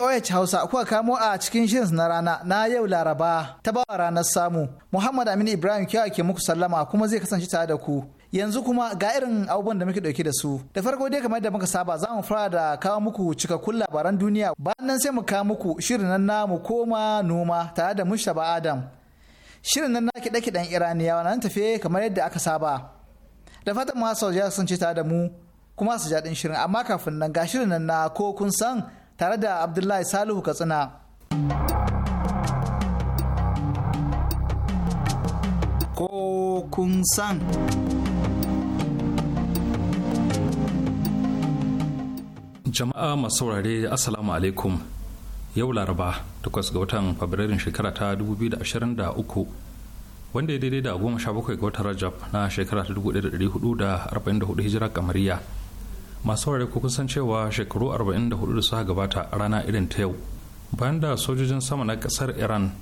BOH Hausa kuka kamo a cikin shirin na rana na yau Laraba ta bawa ranar samu. Muhammad Aminu Ibrahim kyau ke muku sallama kuma zai kasance tare da ku. Yanzu kuma ga irin abubuwan da muke dauke da su. Da farko dai kamar da muka saba za mu fara da kawo muku cikakkun labaran duniya. Bayan nan sai mu kawo muku shirin nan mu koma noma tare da Mushaba Adam. Shirin nan na kiɗe-kiɗen Iraniyawa nan tafe kamar yadda aka saba. Da fatan masu sun ce tare da mu kuma su jaɗin shirin amma kafin nan ga shirin nan na ko kun san tare da abdullahi salihu katsina ko kun san jama'a masu saurare assalamu alaikum yau laraba 8 ga watan fabrairun shekara ta 2023 wanda ya daidai da 17 ga watan rajab na shekara ta 1444 hijira kamariya masu ware ko kusan cewa shekaru 44 da suka gabata a rana irin ta yau bayan da sojojin sama na kasar iran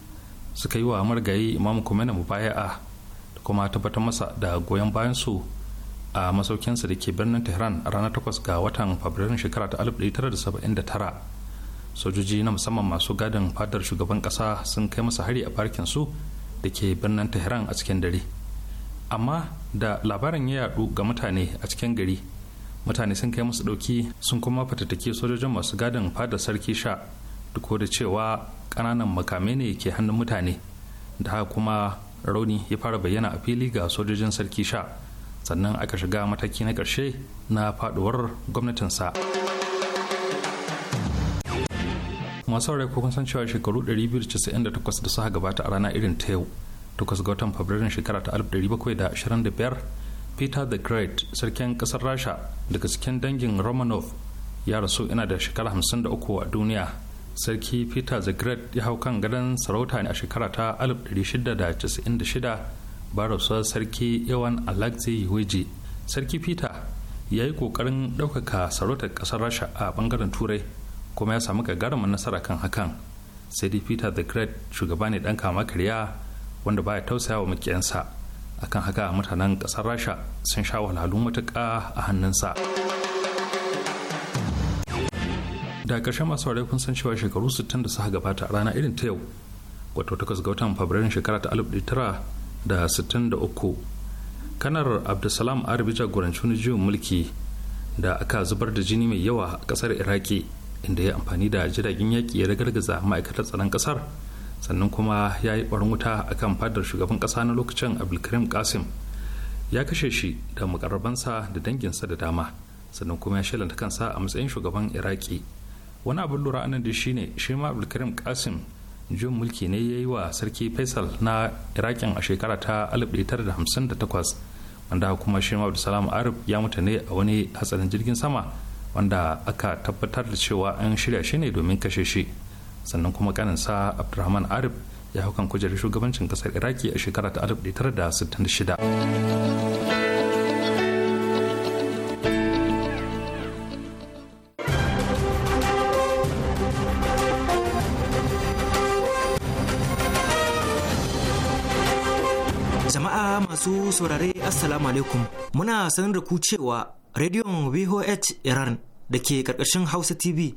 suka yi wa margayi imam kumena mubaya'a da kuma tabbatar masa da goyon bayan su a masaukinsa da ke birnin tehran a ranar 8 ga watan fabrairun shekara ta 1979 sojoji na musamman masu gadin fadar shugaban kasa sun kai masa hari a farkin su da ke birnin tehran a cikin dare amma da labarin ya yadu ga mutane a cikin gari mutane sun kai musu ɗauki sun kuma fatattake sojojin masu gadin fada sarki sha duk da cewa ƙananan makamai ne ke hannun mutane da haka kuma rauni ya fara bayyana a fili ga sojojin sarki sha sannan aka shiga mataki na ƙarshe na faduwar gwamnatinsa masu rai kun san cewa shekaru 298 da suka gabata a rana irin ta yau 8 ga watan fabrairun shekara ta 1725 peter the great sarkin kasar rasha daga cikin dangin romanov ya rasu ina da shekara 53 a duniya sarki peter the great ya hau kan gadon sarauta ne a shekara ta 1696 ba rasuwar sarki yawan alexei yuji sarki peter ya yi kokarin ɗaukaka sarautar ƙasar rasha a ɓangaren turai kuma ya samu gagarumin nasara kan hakan sai dai peter the great shugaba ne ɗan kama karya wanda baya tausaya wa makiyansa akan haka mutanen kasar rasha sun sha wahalhalun matuka a hannunsa da ƙarshen masu ware kun san cewa shekaru 60 da suka gabata a rana irin ta yau wato 8 ga watan fabrairun shekara ta da da uku kanar abdulsalam arabi jagoranci wani jiwon mulki da aka zubar da jini mai yawa a ƙasar iraki inda ya amfani da jiragen yaƙi ya ragargaza ma'aikatar tsaron ƙasar sannan kuma ya yi barin wuta a kan fadar shugaban kasa na lokacin abdulkarim kasim ya kashe shi da mukarrabansa da danginsa da dama sannan kuma ya shalanta kansa a matsayin shugaban iraki wani abin lura anan da shine shi ma abdulkarim kasim jin mulki ne ya yi wa sarki faisal na irakin a shekara ta 1958 wanda kuma shi ma abdulsalam arab ya mutu ne a wani hatsarin jirgin sama wanda aka tabbatar da cewa an shirya shi ne domin kashe shi sannan kuma sa abdulrahman arif ya hau kan kujerar shugabancin kasar iraki a shekara ta 1966 masu saurare assalamu alaikum muna sanar da ku cewa rediyon VOH Iran da ke karkashin Hausa TV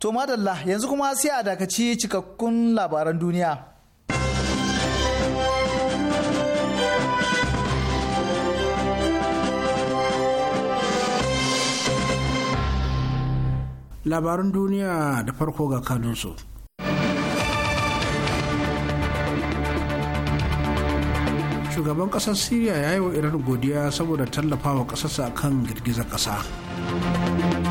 To madalla yanzu kuma sai a dakaci cikakkun labaran duniya. Labaran duniya da farko ga kanunsu. shugaban ƙasar syria ya yi wa iran godiya saboda tallafawa kasarsa kan girgizar ƙasa.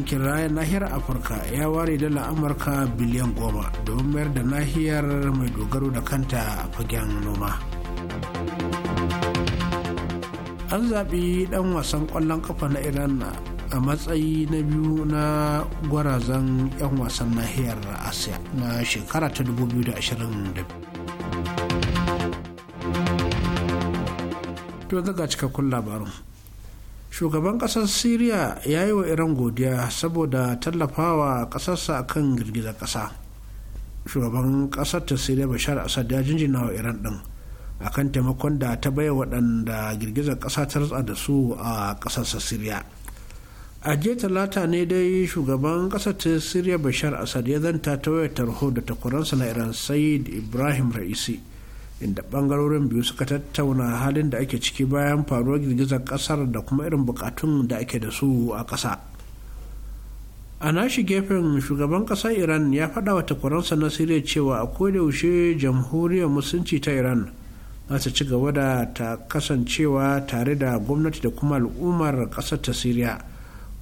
yankin raya nahiyar afirka ya ware dala amurka biliyan goma domin mayar da nahiyar mai dogaro da kanta a fagen noma an zaɓi ɗan wasan ƙwallon ƙafa na iran a matsayi na biyu na gwarazan 'yan wasan nahiyar asiya na shekara ta 2020 to daga cikakkun labarin shugaban kasar syria ya yi wa iran godiya saboda tallafawa kasarsa kan girgizar kasa shugaban kasar ta syria bashar assad ya jinjina wa iran din akan taimakon da ta baya waɗanda girgizar kasa ta ratsa da su a ƙasarsa syria a jiya talata ne dai shugaban kasar ta syria bashar assad ya zanta ta wayar tarho da takwaransa na iran said ibrahim ra'isi inda bangarorin biyu suka tattauna halin da ake ciki bayan faruwar girgizar kasar da kuma irin bukatun da ake da su a ƙasa a nashi gefen shugaban ƙasar iran ya faɗa wa takwaransa na siriya cewa a kodayaushe jamhuriyar musulunci ta iran za ta ci gaba da ta kasancewa tare da gwamnati da kuma al'ummar ƙasar ta siriya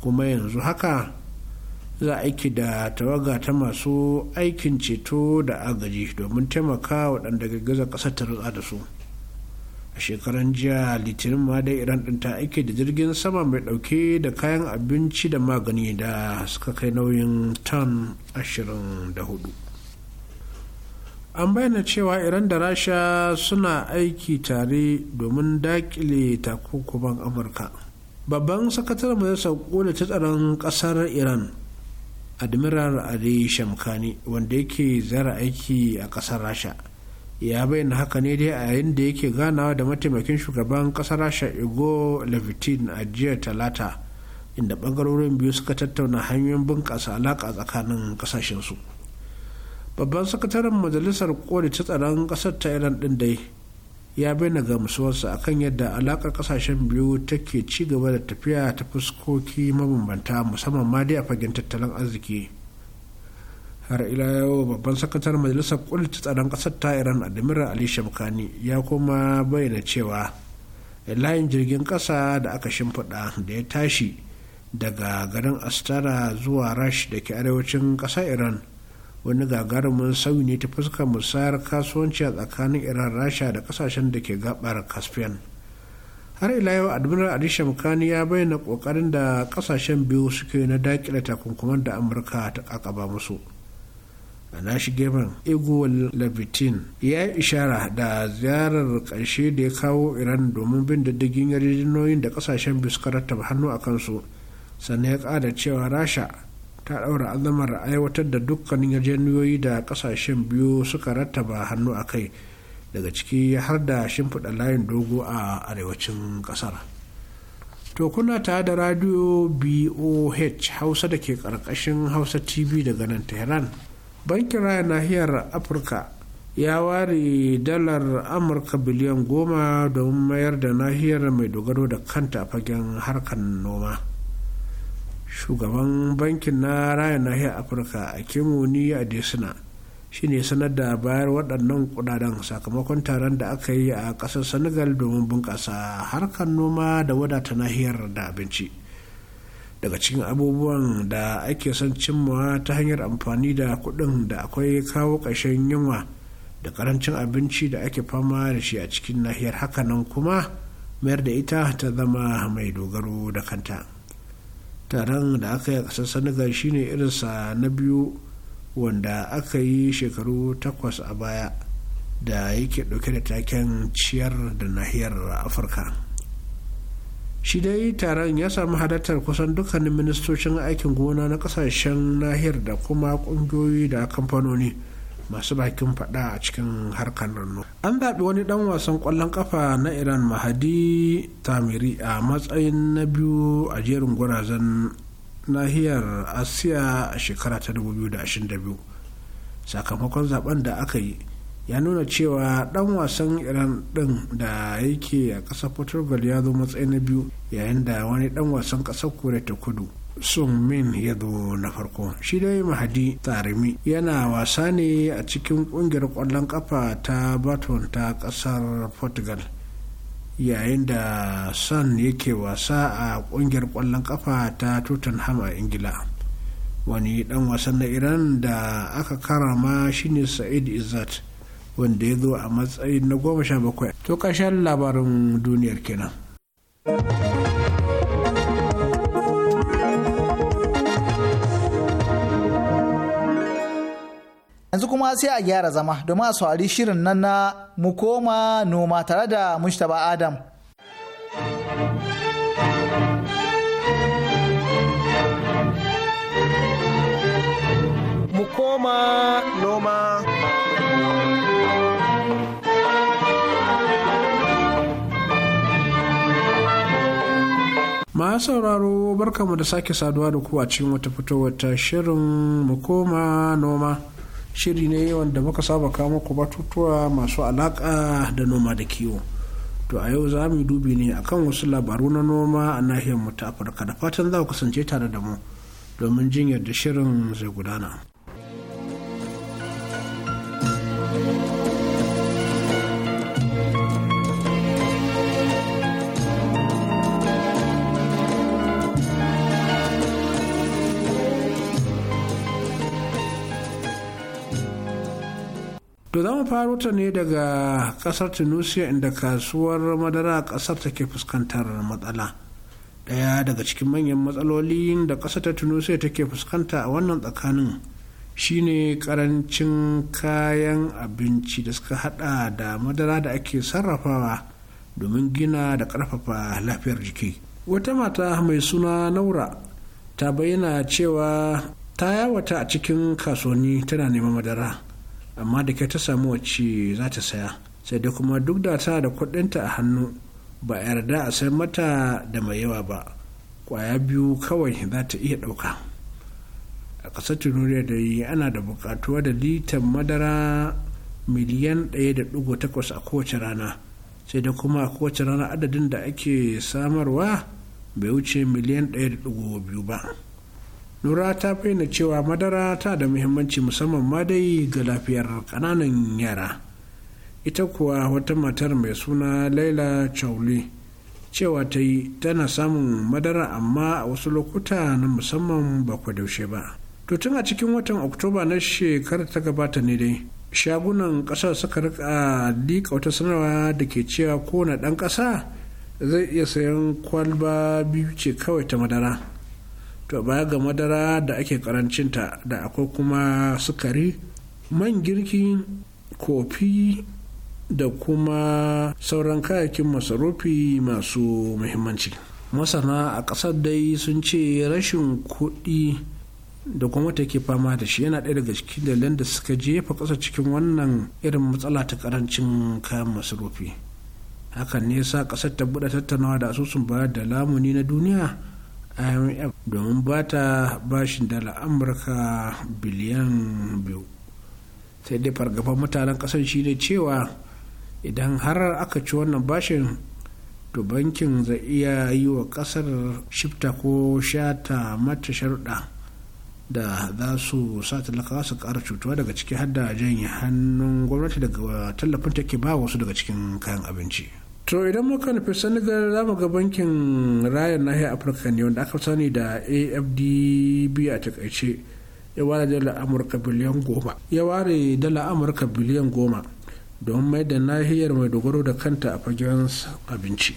kuma yanzu haka za a aiki da tawaga ta masu aikin ceto da agaji domin taimaka waɗanda gaggaza ƙasar ta rutsa da su a shekaran jiya litinin ma dai iran ɗin ta aiki da jirgin sama mai ɗauke da kayan abinci da magani da suka kai nauyin tan 24 an bayyana cewa iran da rasha suna aiki tare domin dakile takunkuman amurka babban sakataren majalisar kula ta tsaron kasar iran admiral ali shamkani wanda yake zara aiki a kasar rasha ya bayyana haka ne dai a yayin da yake ganawa da mataimakin shugaban kasar rasha igo levitin a jiya talata inda bangarorin biyu suka tattauna hanyoyin bunƙasa alaƙa tsakanin ƙasashensu babban sakataren majalisar koli ta tsaron ƙasar ta iran ɗin dai ya bayyana gamsuwarsa akan yadda alakar kasashen biyu take ci gaba da tafiya ta fuskoki mabambanta musamman ma dai a fagen tattalin arziki har ila yau babban sakatar majalisar kulta tsaron kasar ta iran admiral ali shabkani ya kuma bayyana cewa layin jirgin kasa da aka shimfiɗa da ya tashi daga garin astara zuwa rash da ke arewacin ƙasar iran wani gagarumin sauyi ne ta fuskar musayar kasuwanci a tsakanin iran rasha da kasashen da ke gabar caspian har ila yau admiral ali shamkani ya bayyana kokarin da kasashen biyu suke na dakile takunkuman da amurka ta kakaba musu a nashi gefen igor levitin ya yi ishara da ziyarar ƙarshe da ya kawo iran domin bin diddigin yarjejenoyin da kasashen biyu suka rattaba hannu a kansu sannan ya ƙada cewa rasha ta ɗaura azamar aiwatar da dukkanin yarjejeniyoyi da ƙasashen biyu suka rattaba hannu a kai daga ciki har da shimfiɗa layin dogo a arewacin ƙasar to kuna ta da radio boh hausa da ke ƙarƙashin hausa tv daga nan tehran bankin raya nahiyar afirka ya ware dalar amurka biliyan goma don mayar da nahiyar mai dogaro da kanta fagen harkar noma shugaban bankin na raya nahiyar afirka a kimoni a desina shine sanar da bayar waɗannan kudaden sakamakon taron da aka yi a ƙasar senegal domin bunƙasa harkar noma da wadata nahiyar da abinci daga cikin abubuwan da ake son cimma ta hanyar amfani da kuɗin da akwai kawo ƙashen yunwa da karancin abinci da ake fama da shi a cikin nahiyar hakanan kuma mayar da ita ta zama mai dogaro da kanta. taron da aka yi a ƙasar senegal shine irinsa na biyu wanda aka yi shekaru takwas a baya da yake ɗauke da taken ciyar da nahiyar afirka shi dai taron ya samu halartar kusan dukkanin ministocin aikin gona na kasashen nahiyar da kuma ƙungiyoyi da kamfanoni masu bakin fada a cikin harkar rano an zaɓi wani ɗan wasan ƙwallon ƙafa na iran mahadi tamiri a matsayin na biyu a jerin gwarazan nahiyar asiya a shekara ta 2022 sakamakon zaben da aka yi ya nuna cewa dan wasan iran din da yake a ƙasar portugal ya zo matsayi na biyu yayin da wani dan wasan ƙasar kore ta kudu sun min zo na farko shi dai mahadi tarimi yana wasa ne a cikin kungiyar kwallon kafa ta baton ta kasar portugal yayin da son yake wasa a kungiyar kwallon kafa ta tottenham a ingila wani dan wasan na iran da aka karama shine sa'id izzat wanda ya zo a matsayin na goma sha bakwai to kashen labarin duniyar kenan. yanzu kuma sai a gyara zama domin a saurari shirin nan na mu koma noma tare da Mustapha adam mu koma noma Ma sauraro barkamu da sake saduwa da kuwa cikin wata fitowar ta shirin mu koma noma shiri ne wanda muka saba kawo muku batutuwa masu alaka da noma da kiwo to a yau za mu dubi ne akan wasu labaru na noma a nahiyar mu ta afirka da fatan za ku kasance tare da mu domin jin yadda shirin zai gudana mu faro ta ne daga kasar tunisia inda kasuwar madara a kasar take fuskantar matsala daya daga cikin manyan matsalolin da kasar ta tunisia take fuskanta a wannan tsakanin shine karancin kayan abinci da suka hada da madara da ake sarrafawa domin gina da karfafa lafiyar jiki wata mata mai suna naura ta bayyana cewa ta yawata a cikin kasuwanni tana neman madara amma da ta samu wacce za ta saya sai da kuma duk da ta da kudinta a hannu ba a yarda a sai mata da mai yawa ba kwaya biyu kawai za ta iya ɗauka a ƙasar tunuriya da yi ana da buƙatuwa da litan madara miliyan 1.8 a kowace rana sai da kuma a kowace rana adadin da ake samarwa bai wuce miliyan 1.2 ba Nura ta faina cewa madara ta da muhimmanci musamman ma dai ga lafiyar ƙananan yara ita kuwa wata matar mai suna laila chauli cewa ta yi tana samun madara amma a wasu lokuta na musamman ba ku daushe ba to tun a cikin watan oktoba na shekarar ta gabata ne dai shagunan ƙasar suka rika liƙa wata sanarwa da ke cewa kowane ɗan ƙasa zai iya sayan kwalba biyu ce kawai ta madara to baya ga madara da ake karancinta da akwai kuma sukari man girki kofi da kuma sauran kayakin masarufi masu muhimmanci masana a ƙasar dai sun ce rashin kuɗi da kuma take fama da shi yana ɗaya daga cikin dalilan da suka jefa ƙasa cikin wannan irin matsala ta ƙarancin kayan masarufi hakan ne sa ƙasar ta buɗe tattaunawa da asusun bayar da lamuni na duniya imf domin ba ta bashin dala amurka biliyan biyu sai dai fargaban mutanen kasar shine cewa idan har aka ci wannan bashin to bankin zai iya yi wa kasar shifta ko shata mata sharuɗa da za su sa talakawa su kara cutuwa daga ciki har da hannun gwamnati daga tallafin take ba wasu daga cikin kayan abinci to idan muka nufi senegal za mu ga bankin rayar nahiyar afirka ne wanda aka sani da afdb a takaice ya ware dala amurka biliyan goma ya ware dala amurka biliyan goma don mai da nahiyar mai dogaro da kanta a fagen abinci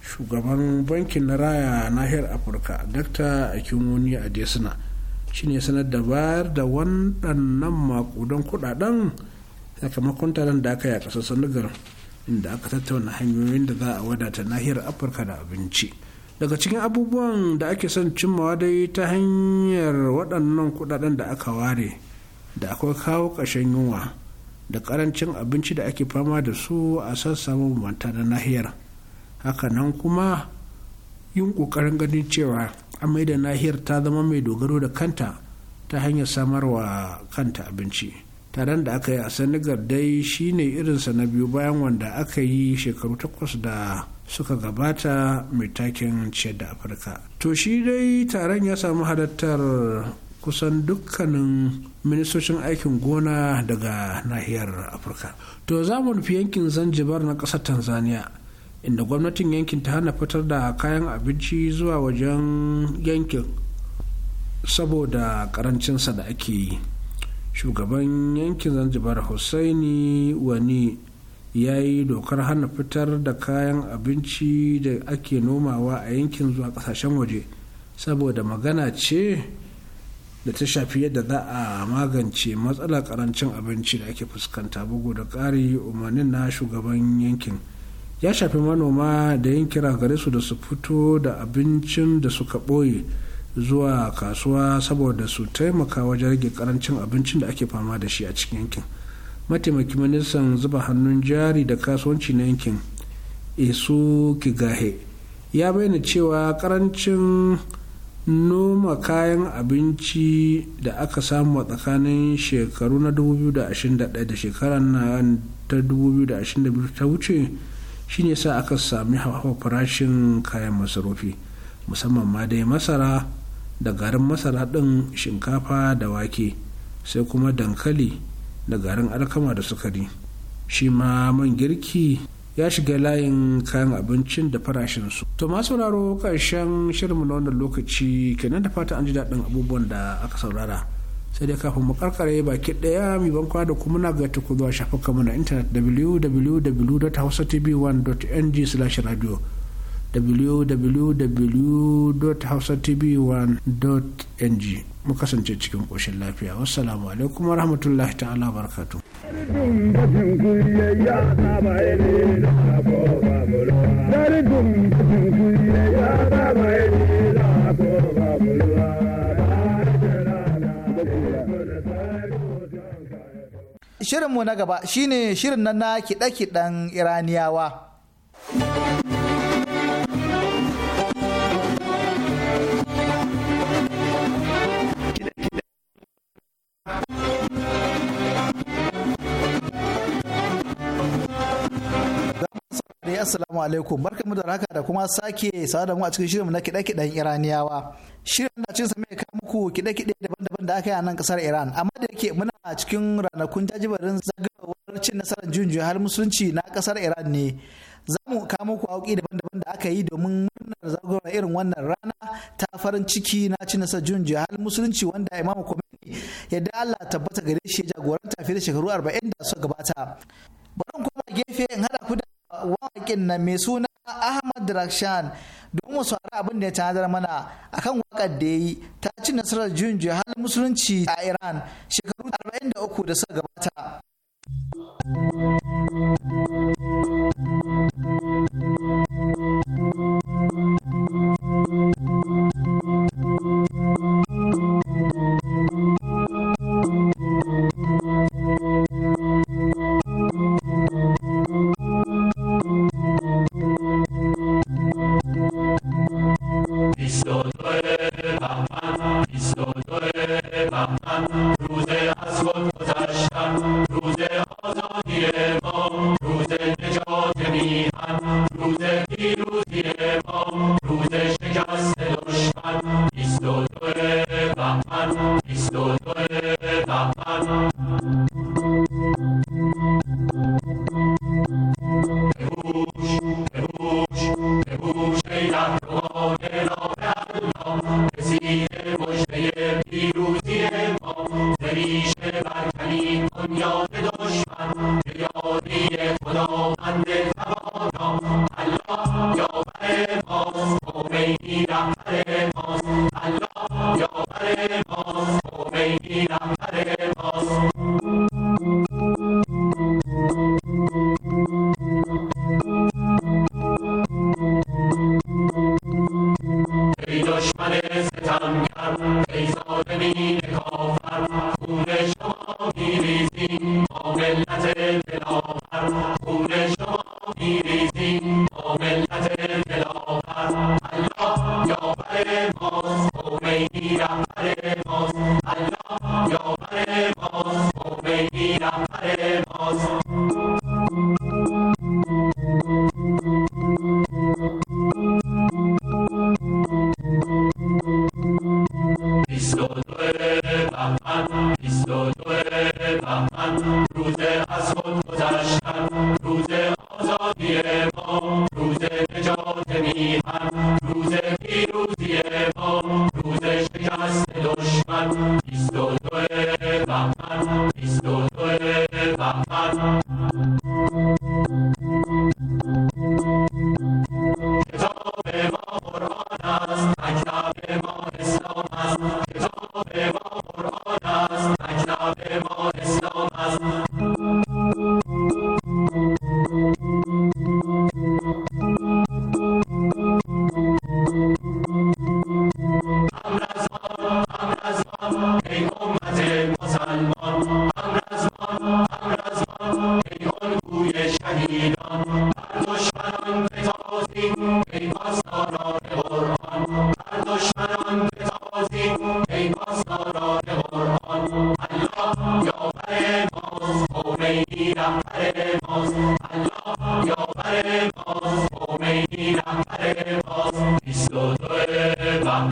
shugaban bankin na raya nahiyar afirka dr akimoni adesina ne sanar da bayar da waɗannan makudan kudaden sakamakon taron da aka yi a ƙasar senegal inda aka tattauna hanyoyin da za a wadata nahiyar afirka da abinci daga cikin abubuwan da ake son cimmawa dai ta hanyar waɗannan kuɗaɗen da aka ware da akwai kawo ƙashen yunwa da ƙarancin abinci da ake fama da su a sassa mabambanta na nahiyar hakanan kuma yin ƙoƙarin ganin cewa amai da nahiyar ta zama mai dogaro da kanta ta hanyar samarwa kanta abinci. taron da aka yi a senegal dai shine irinsa na biyu bayan wanda aka yi shekaru takwas da suka gabata mai takin ciyar da afirka to shi dai taron ya samu halartar kusan dukkanin ministocin aikin gona daga nahiyar afirka to za mu nufi yankin zanzibar na ƙasar tanzania inda gwamnatin yankin ta hana fitar da kayan abinci zuwa wajen yankin saboda karancinsa da ake yi shugaban yankin zanzibar hussaini wani ya yi dokar hana fitar da kayan abinci da ake nomawa a yankin zuwa kasashen waje saboda magana ce da ta shafi yadda za a magance matsala karancin abinci da ake fuskanta bugu da ƙari umarnin na shugaban yankin ya shafi manoma da yin kira gare su da su fito da abincin da suka ɓoye zuwa kasuwa saboda su taimaka wajen rage karancin abincin da ake fama da shi a cikin yankin mataimakin ministan zuba hannun jari da kasuwanci na yankin esu kigahe ya bayyana cewa karancin noma kayan abinci da aka samu a tsakanin shekaru na 2021 da shekarar na ta 2022 ta wuce shine sa aka sami hawa farashin kayan masarufi musamman ma dai masara da garin masara ɗin shinkafa da wake sai kuma dankali da garin alkama da sukari shi ma man girki ya shiga layin kayan abincin da farashinsu to ma sauraro ƙarshen shirinmu na wannan lokaci kenan da fata an ji daɗin abubuwan da aka saurara sai dai kafin mu karkare baki ɗaya mai bankwa da kuma na gaita ku zuwa shafukanmu na intanet www.hausatv1.ng/radio www.hausatv1.ng mu kasance cikin ƙoshin lafiya wassalamu alaikum wa rahmatullahi ta'ala barkatu Shirinmu na gaba shine shirin na kiɗe-kiɗen Iraniyawa. Assalamu alaikum mu da raka da kuma sake sa da mu a cikin shirin na kiɗe-kiɗen Iraniyawa. Shirin da cin mai kawo muku kiɗe-kiɗe daban-daban da aka yi a nan ƙasar Iran amma da yake muna a cikin ranakun jajibarin zagawar cin nasarar junjun har musulunci na ƙasar Iran ne. Za mu kawo muku auki daban-daban da aka yi domin murnar zagawar irin wannan rana ta farin ciki na cin nasarar junjun har musulunci wanda Imam Kome yadda Allah tabbata gare shi ya jagoranta fiye da shekaru 40 da suka gabata bari kuma gefe in hada ku da waƙin na mai suna Ahmad Rakshan domin mu saurari abin da ya tanadar mana akan wakar da ya yi ta ci nasarar juyin halin musulunci a Iran shekaru da 43 da suka gabata. Estou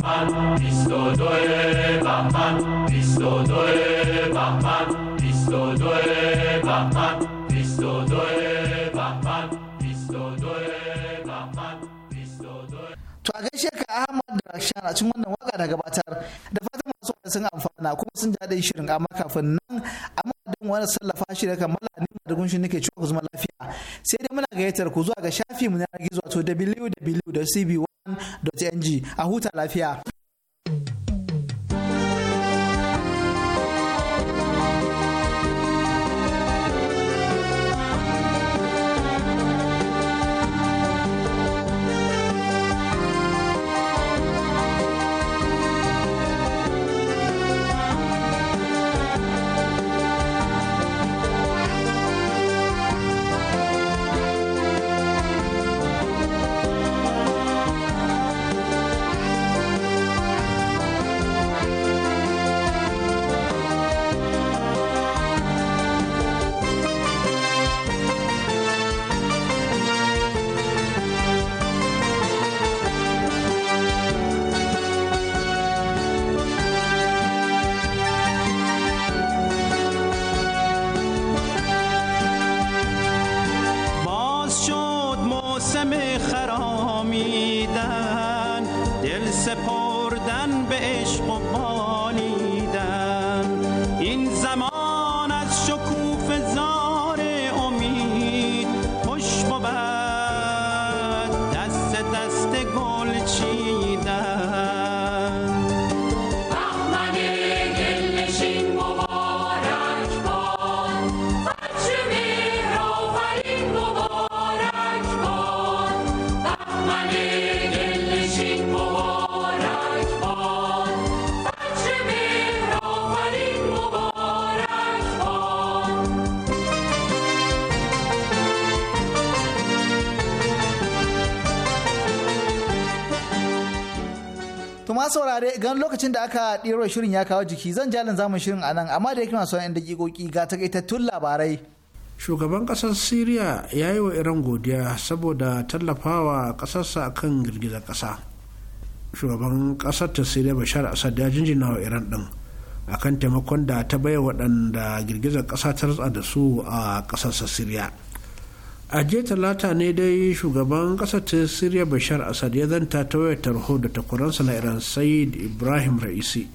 Batman, pistolet, Batman, pistolet, Batman, pistolet, Batman, pistolet, Batman, pistolet, Batman, pistolet. To a gaishe ka Ahmad da Rakshan a cikin wannan waka da gabatar da fatan masu wani sun amfana kuma sun ji daɗin shirin amma kafin nan amma don wani sallafa shi da kammala ni da gunshin nake ciwo ku zama lafiya sai dai muna gayyatar ku zuwa ga shafi mu na gizo wato www.cb ng a huta lafiya. gan lokacin da aka ɗero shirin ya kawo jiki zan jalin zamun shirin a nan amma da yake masu yan dakikoki ga takaitattun labarai shugaban ƙasar syria ya yi wa iran godiya saboda tallafawa ƙasarsa a kan girgizar ƙasa shugaban ƙasar ta syria bashar asad ya jinjina wa iran ɗin akan taimakon da ta bai waɗanda girgizar ƙasa ta ratsa da su a ƙasarsa syria a jiya talata ne dai shugaban kasar ta siriya bashar asad ya zanta ta wayar tarho da takwaransa na iran sayid ibrahim ra'isi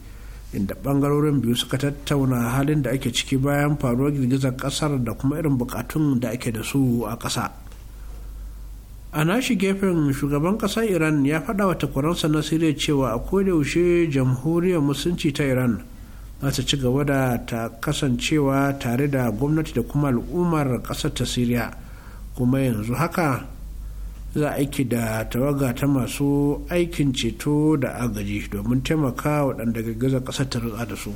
inda bangarorin biyu suka tattauna halin da ake ciki bayan faruwar girgizar kasar da kuma irin bukatun da ake da su a kasa a nashi gefen shugaban kasar iran ya faɗa wa takwaransa na siriya cewa a kodayaushe jamhuriyar musulunci ta iran za ta ci gaba da ta kasancewa tare da gwamnati da kuma al'ummar kasar ta siriya kuma yanzu haka za a aiki da tawaga ta masu aikin ceto da agaji domin taimaka waɗanda gaggaza ƙasar ta rutsa da su.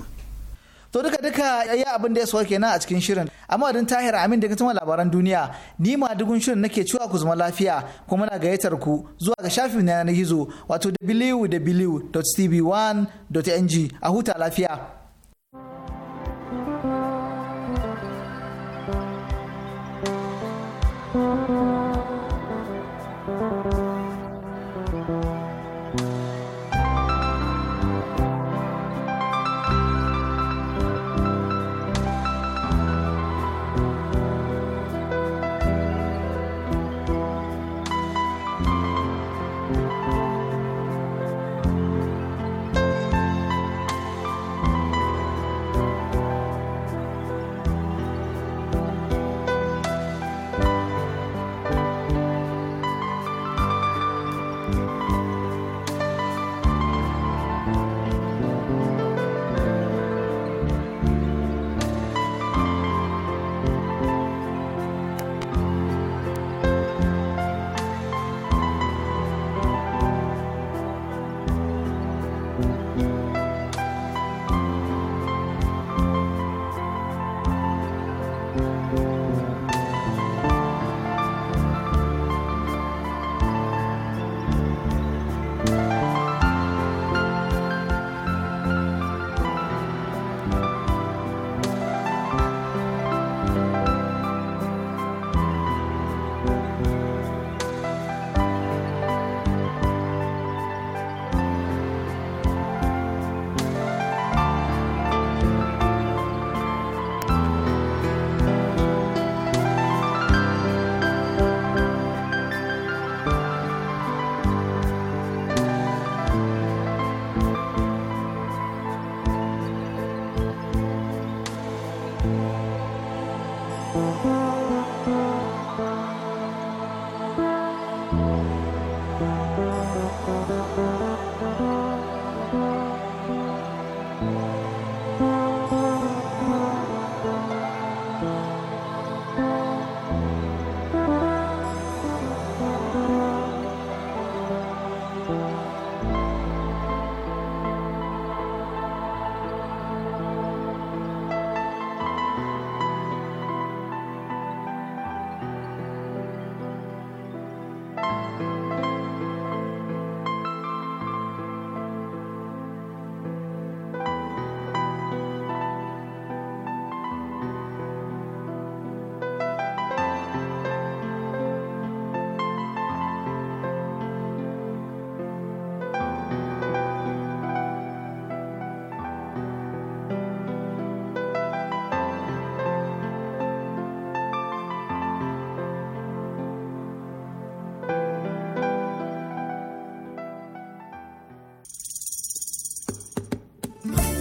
to duka duka ya abin da ya sauke na a cikin shirin amma don tahir amin da kuma labaran duniya ni ma dugun shirin nake cewa ku zama lafiya kuma na gayyatar ku zuwa ga shafin na yanar gizo wato www.tv1.ng a huta lafiya.